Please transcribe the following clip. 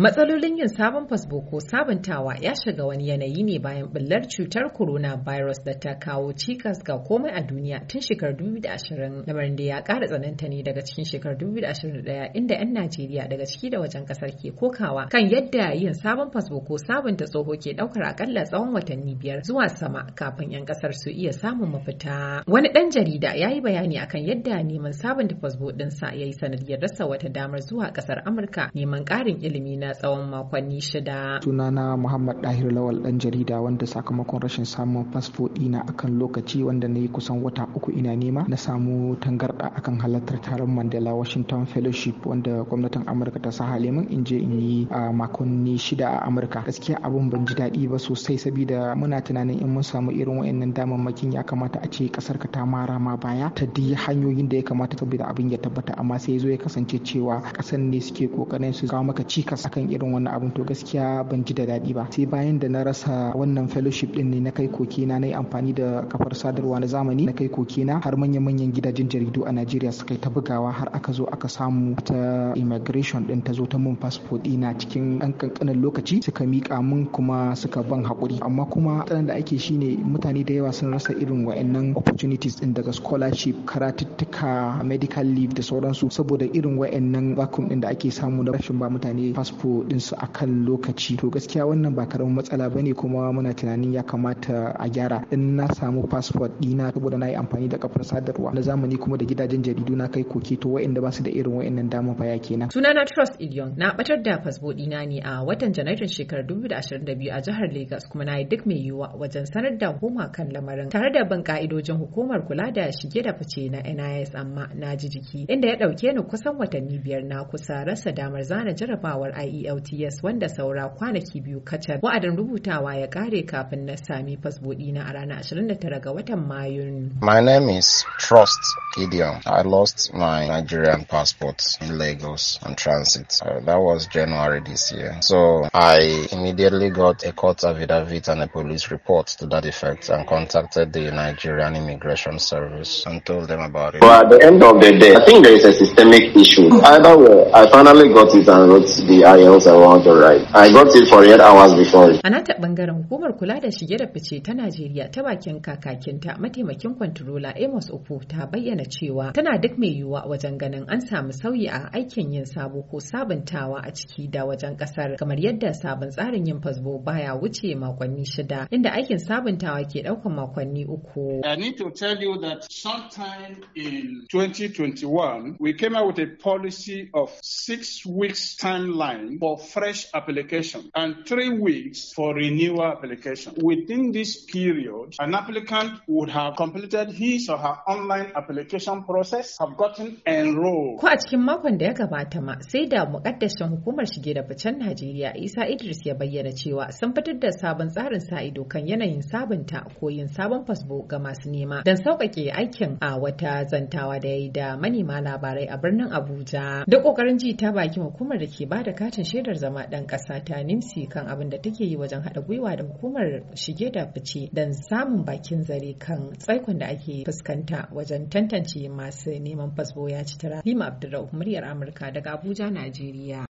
Matsalolin yin sabon fasbo ko sabuntawa ya shiga wani yanayi ne bayan ɓullar cutar corona virus da ta kawo cikas ga komai a duniya tun shekarar 2020 lamarin da ya ƙara tsananta ne daga cikin shekarar 2021 inda 'yan Najeriya daga ciki da wajen ƙasar ke kokawa kan yadda yin sabon fasbo ko sabunta tsoho ke ɗaukar akalla tsawon watanni biyar zuwa sama kafin 'yan ƙasar su iya samun mafita. Wani ɗan jarida ya yi bayani akan yadda neman sabunta fasbo ɗinsa ya yi sanadiyar rasa wata damar zuwa ƙasar Amurka neman ƙarin ilimi na na tsawon makonni shida. Sunana Muhammad Dahir Lawal dan jarida wanda sakamakon rashin samun fasfo ɗina akan lokaci wanda na yi kusan wata uku ina nema na samu tangarɗa akan halartar taron Mandela Washington Fellowship wanda gwamnatin Amurka ta saha lemun in je in yi makonni shida a Amurka. Gaskiya abun ban ji daɗi ba sosai saboda muna tunanin in mun samu irin wayannan makin, ya kamata a ce kasar ka ta mara ma baya ta di hanyoyin da ya kamata saboda abin ya tabbata amma sai zo ya kasance cewa kasan ne suke kokarin su kawo maka cikas akan irin wannan abin to gaskiya ban ji da daɗi ba sai bayan da na rasa wannan fellowship din ne na kai koke na na yi amfani da kafar sadarwa na zamani na kai koke na har manya-manyan gidajen jaridu a Najeriya suka yi ta bugawa har aka zo aka samu ta immigration din ta zo ta mun passport ɗina cikin ɗan kankanin lokaci suka miƙa mun kuma suka ban haƙuri amma kuma tsanan da ake ne mutane da yawa sun rasa irin wa'annan opportunities din daga scholarship karatuttuka medical leave da sauransu saboda irin wa'annan vacuum din da ake samu da rashin ba mutane passport ko ɗinsu a kan lokaci to gaskiya wannan ba karamin matsala bane kuma muna tunanin ya kamata a gyara in na samu fasfo ɗina saboda na yi amfani da kafar sadarwa na zamani kuma da gidajen jaridu na kai koke to wa'inda ba su da irin wa'innan dama baya kenan. sunana trust idion na batar da fasfo ɗina ne a watan janairun shekarar da biyu a jihar lagos kuma na yi duk mai yiwuwa wajen sanar da hukuma kan lamarin tare da bin ka'idojin hukumar kula da shige da fice na nis amma na ji jiki inda ya ɗauke ni kusan watanni biyar na kusa rasa damar zana jarabawar ie wanda saura kwanaki biyu kacal. Wa'adin rubutawa ya kare kafin na sami na a ranar 29 ga watan Mayun. My name is Trust Gideon. I lost my Nigerian passport in Lagos on transit. Uh, that was January this year. So I immediately got a court affidavit and a police report to that effect and contacted the Nigerian Immigration Service and told them about it. But at the end of the day, I think there is a systemic issue. Either way, I finally got it and wrote the IELTS else I want to I got it for eight hours before. A nata bangaren hukumar kula da shige da fice ta Najeriya ta bakin kakakinta mataimakin kwantirola Amos Opo ta bayyana cewa tana duk mai yiwuwa wajen ganin an samu sauyi a aikin yin sabo ko sabuntawa a ciki da wajen ƙasar kamar yadda sabon tsarin yin fasbo baya wuce makonni shida inda aikin sabuntawa ke daukan makonni uku. I need to tell you that sometime in 2021 we came out with a policy of six weeks timeline time for fresh application and three weeks for renewal application. Within this period, an applicant would have completed his or her online application process, have gotten enrolled. Ko a cikin makon da ya gabata ma sai da muƙaddashin hukumar shige da ficen Najeriya Isa Idris ya bayyana cewa sun fitar da sabon tsarin sa ido kan yanayin sabunta ko yin sabon fasbo ga masu nema don sauƙaƙe aikin a wata zantawa da ya yi da manema labarai a birnin Abuja. Duk ƙoƙarin ji ta bakin hukumar da ke ba da katin bukatan shaidar zama ɗan ƙasa ta nimsi kan abin da take yi wajen haɗa gwiwa da hukumar shige da fice don samun bakin zare kan tsaikon da ake fuskanta wajen tantance masu neman fasfo ya ci tara. Lima Abdulrahman muryar Amurka daga Abuja, Najeriya.